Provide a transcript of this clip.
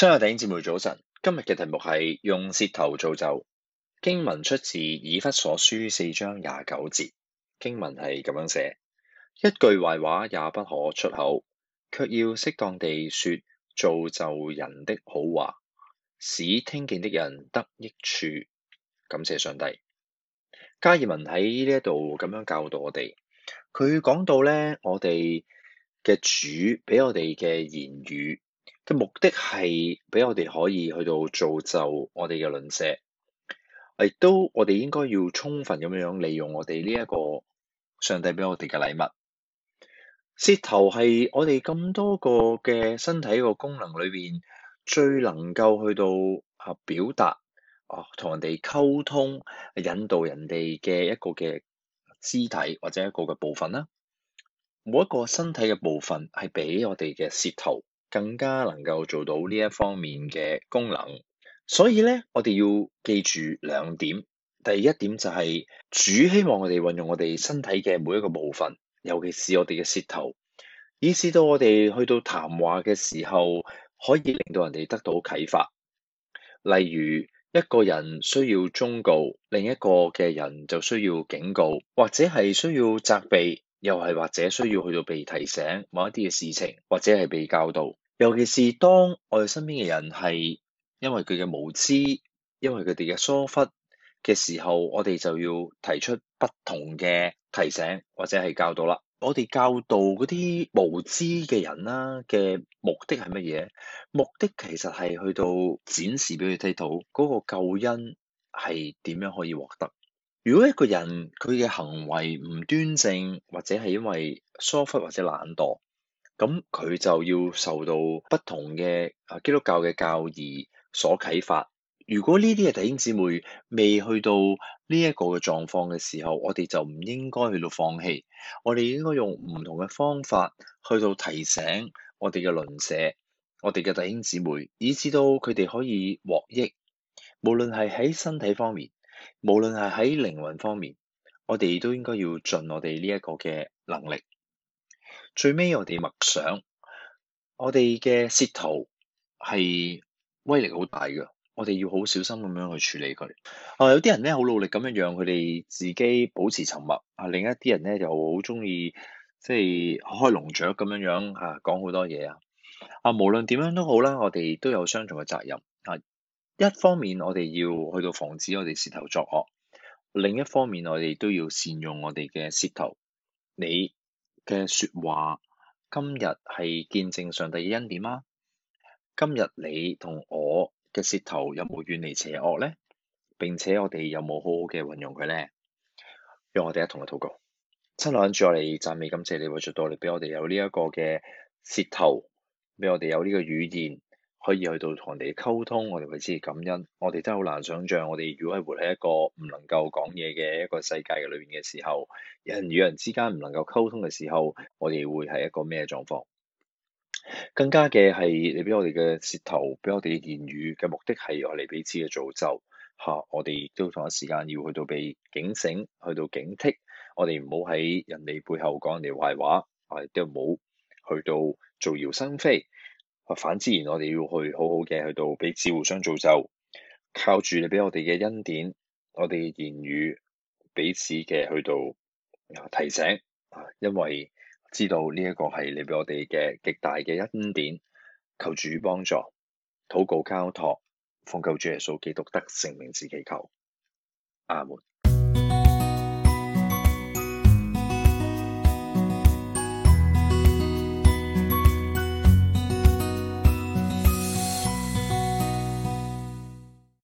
親愛的姊妹早晨，今日嘅題目係用舌頭造就。經文出自以弗所書四章廿九節，經文係咁樣寫：一句壞話也不可出口，卻要適當地說造就人的好話，使聽見的人得益處。感謝上帝。加爾文喺呢一度咁樣教導我哋。佢講到咧，我哋嘅主俾我哋嘅言語。目的係俾我哋可以去到造就我哋嘅鄰舍，亦都我哋應該要充分咁樣利用我哋呢一個上帝俾我哋嘅禮物。舌頭係我哋咁多個嘅身體個功能裏邊最能夠去到表達啊，表達啊，同人哋溝通、引導人哋嘅一個嘅肢體或者一個嘅部分啦。每一個身體嘅部分係俾我哋嘅舌頭，更加能夠做到呢一方面嘅功能，所以咧，我哋要記住兩點。第一點就係主希望我哋運用我哋身體嘅每一個部分，尤其是我哋嘅舌頭，以至到我哋去到談話嘅時候，可以令到人哋得到啟發。例如一個人需要忠告，另一個嘅人就需要警告，或者係需要責備。又係或者需要去到被提醒，某一啲嘅事情，或者係被教導。尤其是當我哋身邊嘅人係因為佢嘅無知，因為佢哋嘅疏忽嘅時候，我哋就要提出不同嘅提醒或者係教導啦。我哋教導嗰啲無知嘅人啦嘅目的係乜嘢？目的其實係去到展示俾佢睇到嗰個救恩係點樣可以獲得。如果一個人佢嘅行為唔端正，或者係因為疏忽或者懶惰，咁佢就要受到不同嘅啊基督教嘅教義所啟發。如果呢啲嘅弟兄姊妹未去到呢一個嘅狀況嘅時候，我哋就唔應該去到放棄，我哋應該用唔同嘅方法去到提醒我哋嘅鄰舍、我哋嘅弟兄姊妹，以至到佢哋可以獲益，無論係喺身體方面，無論係喺靈魂方面，我哋都應該要盡我哋呢一個嘅能力。最尾我哋默想，我哋嘅舌頭係威力好大㗎，我哋要好小心咁樣去處理佢。啊，有啲人咧，好努力咁樣讓佢哋自己保持沉默，啊，另一啲人咧就好中意即係開籠雀咁樣樣啊，講好多嘢啊。啊，無論點樣都好啦，我哋都有雙重嘅責任啊。一方面我哋要去到防止我哋舌頭作惡，另一方面我哋都要善用我哋嘅舌頭。你嘅説話，今日係見證上帝嘅恩典嗎？今日你同我嘅舌頭有冇遠離邪惡咧？並且我哋有冇好好嘅運用佢咧？讓我哋一同去禱告，親愛嘅主，我哋讚美感謝你為著我哋俾我哋有呢一個嘅舌頭，俾我哋有呢個語言。可以去到同人哋溝通，我哋為之感恩。我哋真係好難想像，我哋如果係活喺一個唔能夠講嘢嘅一個世界裏面嘅時候，人與人之間唔能夠溝通嘅時候，我哋會係一個咩狀況？更加嘅係，你俾我哋嘅舌頭，俾我哋嘅言語嘅目的係我哋彼此嘅造就。嚇！我哋亦都同一時間要去到被警醒，去到警惕。我哋唔好喺人哋背後講人哋壞話，我哋都唔好去到造謠生非。反之然，我哋要去好好嘅去到彼此互相造就，靠住你俾我哋嘅恩典，我哋嘅言語，彼此嘅去到提醒，啊！因為知道呢一個係你俾我哋嘅極大嘅恩典，求主幫助，禱告交託，奉救主耶穌基督得勝名字祈求，阿門。